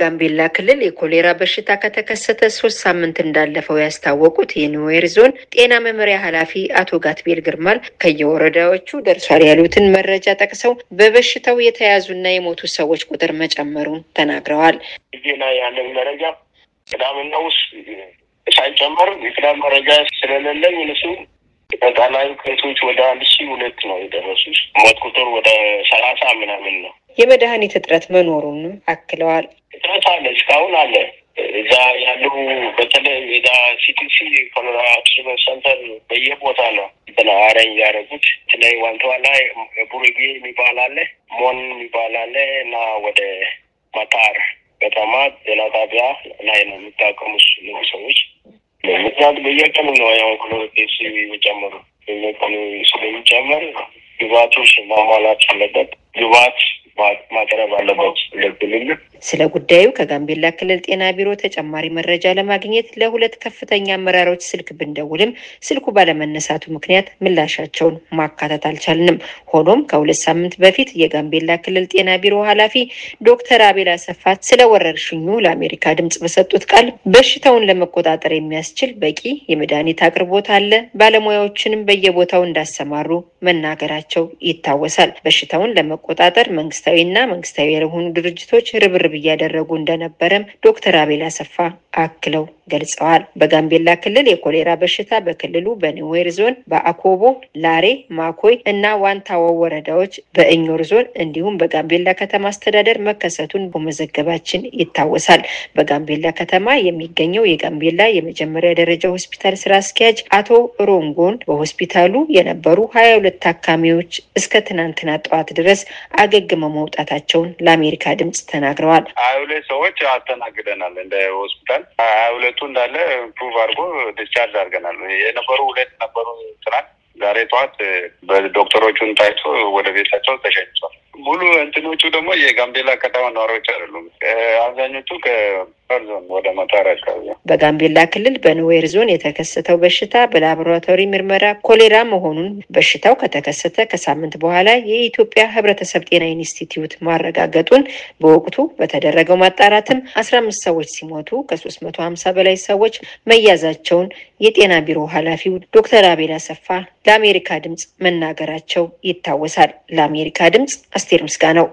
በጋምቤላ ክልል የኮሌራ በሽታ ከተከሰተ ሶስት ሳምንት እንዳለፈው ያስታወቁት የኒዌር ዞን ጤና መምሪያ ኃላፊ አቶ ጋትቤል ግርማል ከየወረዳዎቹ ደርሷል ያሉትን መረጃ ጠቅሰው በበሽታው የተያዙና የሞቱ ሰዎች ቁጥር መጨመሩን ተናግረዋል። ዜና ያለን መረጃ ቅዳምና ውስጥ ሳይጨመር የቅዳም መረጃ ስለሌለኝ ንሱ ጠቃላይ ክሬቶች ወደ አንድ ሺ ሁለት ነው የደረሱ ሞት ቁጥር ወደ ሰላሳ ምናምን ነው። የመድኃኒት እጥረት መኖሩንም አክለዋል። እስካሁን አለ። እዛ ያሉ በተለይ ዛ ሲቲሲ ኮሎራክስ ሰንተር በየቦታ ነው እንትና አረኝ ያደረጉት። በተለይ ዋንተዋላ ላይ የሚባል አለ፣ ሞን የሚባል አለ እና ወደ መጣር ከተማ ጤና ጣቢያ ላይ ነው የሚታከሙት ሰዎች። ምክንያቱ በየቀኑ ነው ያው ክሎሮኬስ የሚጨምሩ በየቀኑ ስለሚጨምር ግባቱ ማሟላት አለበት፣ ግባት ማቅረብ አለበት እንደክልል ስለ ጉዳዩ ከጋምቤላ ክልል ጤና ቢሮ ተጨማሪ መረጃ ለማግኘት ለሁለት ከፍተኛ አመራሮች ስልክ ብንደውልም ስልኩ ባለመነሳቱ ምክንያት ምላሻቸውን ማካተት አልቻልንም። ሆኖም ከሁለት ሳምንት በፊት የጋምቤላ ክልል ጤና ቢሮ ኃላፊ ዶክተር አቤል አሰፋት ስለ ወረርሽኙ ለአሜሪካ ድምጽ በሰጡት ቃል በሽታውን ለመቆጣጠር የሚያስችል በቂ የመድኃኒት አቅርቦት አለ፣ ባለሙያዎችንም በየቦታው እንዳሰማሩ መናገራቸው ይታወሳል። በሽታውን ለመቆጣጠር መንግስታዊና መንግስታዊ ያልሆኑ ድርጅቶች ርብርብ እያደረጉ እንደነበረም ዶክተር አቤል አሰፋ አክለው ገልጸዋል። በጋምቤላ ክልል የኮሌራ በሽታ በክልሉ በኒዌር ዞን በአኮቦ፣ ላሬ፣ ማኮይ እና ዋንታዋ ወረዳዎች በእኞር ዞን እንዲሁም በጋምቤላ ከተማ አስተዳደር መከሰቱን በመዘገባችን ይታወሳል። በጋምቤላ ከተማ የሚገኘው የጋምቤላ የመጀመሪያ ደረጃ ሆስፒታል ስራ አስኪያጅ አቶ ሮንጎን በሆስፒታሉ የነበሩ ሀያ ሁለት ታካሚዎች እስከ ትናንትና ጠዋት ድረስ አገግመው መውጣታቸውን ለአሜሪካ ድምጽ ተናግረዋል። ሀያ ሁለት ሰዎች አስተናግደናል እንደ ሆስፒታል ሀያ ሁለቱ ሁለቱ እንዳለ ፕሩቭ አድርጎ ዲስቻርጅ አድርገናል። የነበሩ ሁለት ነበሩ ትናንት ዛሬ ጠዋት በዶክተሮቹን ታይቶ ወደ ቤታቸው ተሸኝቷል። ሙሉ እንትኖቹ ደግሞ የጋምቤላ ከተማ ነዋሪዎች አይደሉም። አብዛኞቹ ከፐርዞን ወደ መታር አካባቢ በጋምቤላ ክልል በኑዌር ዞን የተከሰተው በሽታ በላቦራቶሪ ምርመራ ኮሌራ መሆኑን በሽታው ከተከሰተ ከሳምንት በኋላ የኢትዮጵያ ሕብረተሰብ ጤና ኢንስቲትዩት ማረጋገጡን በወቅቱ በተደረገው ማጣራትም አስራ አምስት ሰዎች ሲሞቱ ከሶስት መቶ ሀምሳ በላይ ሰዎች መያዛቸውን የጤና ቢሮ ኃላፊው ዶክተር አቤል አሰፋ ለአሜሪካ ድምጽ መናገራቸው ይታወሳል። ለአሜሪካ ድምጽ አስቴር ነው።